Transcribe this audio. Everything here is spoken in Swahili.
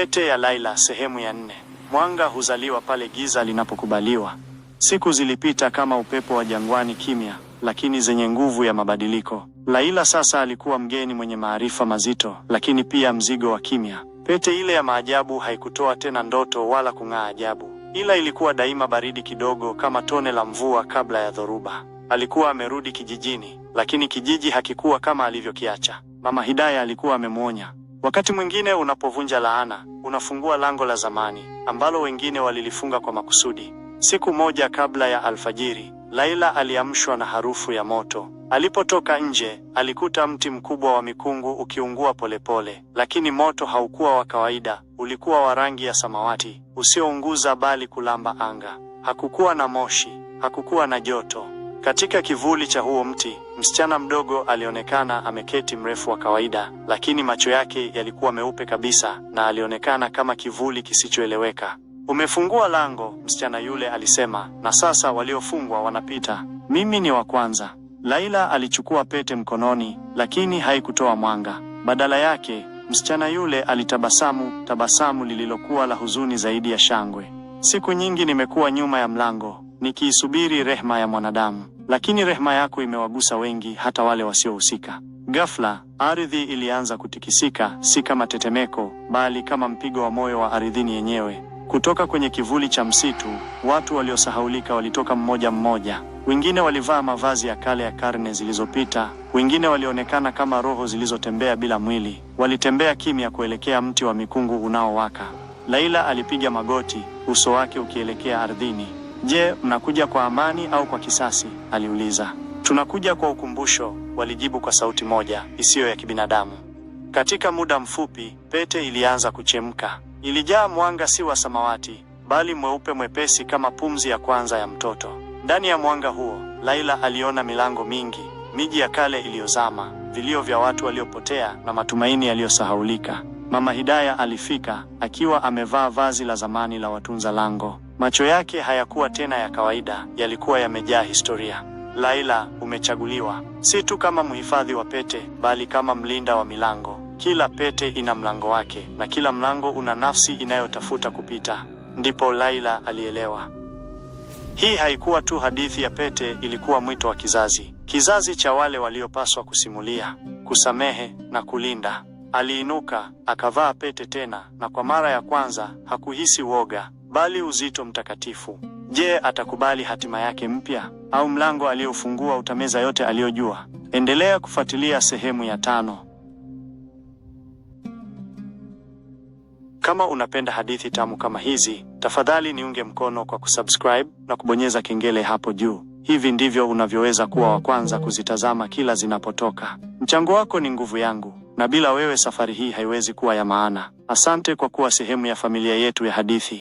Pete ya Laila sehemu ya nne. Mwanga huzaliwa pale giza linapokubaliwa. Siku zilipita kama upepo wa jangwani, kimya lakini zenye nguvu ya mabadiliko. Laila sasa alikuwa mgeni mwenye maarifa mazito, lakini pia mzigo wa kimya. Pete ile ya maajabu haikutoa tena ndoto wala kung'aa ajabu, ila ilikuwa daima baridi kidogo, kama tone la mvua kabla ya dhoruba. Alikuwa amerudi kijijini, lakini kijiji hakikuwa kama alivyokiacha. Mama Hidaya alikuwa amemwonya Wakati mwingine unapovunja laana, unafungua lango la zamani ambalo wengine walilifunga kwa makusudi. Siku moja kabla ya alfajiri, Laila aliamshwa na harufu ya moto. Alipotoka nje, alikuta mti mkubwa wa mikungu ukiungua polepole, lakini moto haukuwa wa kawaida, ulikuwa wa rangi ya samawati, usiounguza bali kulamba anga. Hakukuwa na moshi, hakukuwa na joto. Katika kivuli cha huo mti, msichana mdogo alionekana ameketi mrefu wa kawaida, lakini macho yake yalikuwa meupe kabisa na alionekana kama kivuli kisichoeleweka. Umefungua lango, msichana yule alisema, na sasa waliofungwa wanapita. Mimi ni wa kwanza. Laila alichukua pete mkononi, lakini haikutoa mwanga. Badala yake, msichana yule alitabasamu, tabasamu lililokuwa la huzuni zaidi ya shangwe. Siku nyingi nimekuwa nyuma ya mlango nikiisubiri rehema ya mwanadamu, lakini rehema yako imewagusa wengi, hata wale wasiohusika. Ghafla ardhi ilianza kutikisika, si kama tetemeko, bali kama mpigo wa moyo wa ardhini yenyewe. Kutoka kwenye kivuli cha msitu, watu waliosahaulika walitoka mmoja mmoja. Wengine walivaa mavazi ya kale ya karne zilizopita, wengine walionekana kama roho zilizotembea bila mwili. Walitembea kimya kuelekea mti wa mikungu unaowaka. Laila alipiga magoti, uso wake ukielekea ardhini. Je, mnakuja kwa amani au kwa kisasi? aliuliza. Tunakuja kwa ukumbusho, walijibu kwa sauti moja isiyo ya kibinadamu. Katika muda mfupi, pete ilianza kuchemka. Ilijaa mwanga, si wa samawati, bali mweupe mwepesi, kama pumzi ya kwanza ya mtoto. Ndani ya mwanga huo, Laila aliona milango mingi, miji ya kale iliyozama, vilio vya watu waliopotea na matumaini yaliyosahaulika. Mama Hidaya alifika akiwa amevaa vazi la zamani la watunza lango. Macho yake hayakuwa tena ya kawaida, yalikuwa yamejaa historia. Laila, umechaguliwa si tu kama mhifadhi wa pete, bali kama mlinda wa milango. Kila pete ina mlango wake, na kila mlango una nafsi inayotafuta kupita. Ndipo Laila alielewa. Hii haikuwa tu hadithi ya pete, ilikuwa mwito wa kizazi, kizazi cha wale waliopaswa kusimulia, kusamehe na kulinda. Aliinuka, akavaa pete tena, na kwa mara ya kwanza hakuhisi woga, bali uzito mtakatifu. Je, atakubali hatima yake mpya au mlango aliofungua utameza yote aliyojua? Endelea kufuatilia sehemu ya tano. Kama unapenda hadithi tamu kama hizi, tafadhali niunge mkono kwa kusubscribe na kubonyeza kengele hapo juu. Hivi ndivyo unavyoweza kuwa wa kwanza kuzitazama kila zinapotoka. Mchango wako ni nguvu yangu na bila wewe safari hii haiwezi kuwa ya maana. Asante kwa kuwa sehemu ya familia yetu ya hadithi.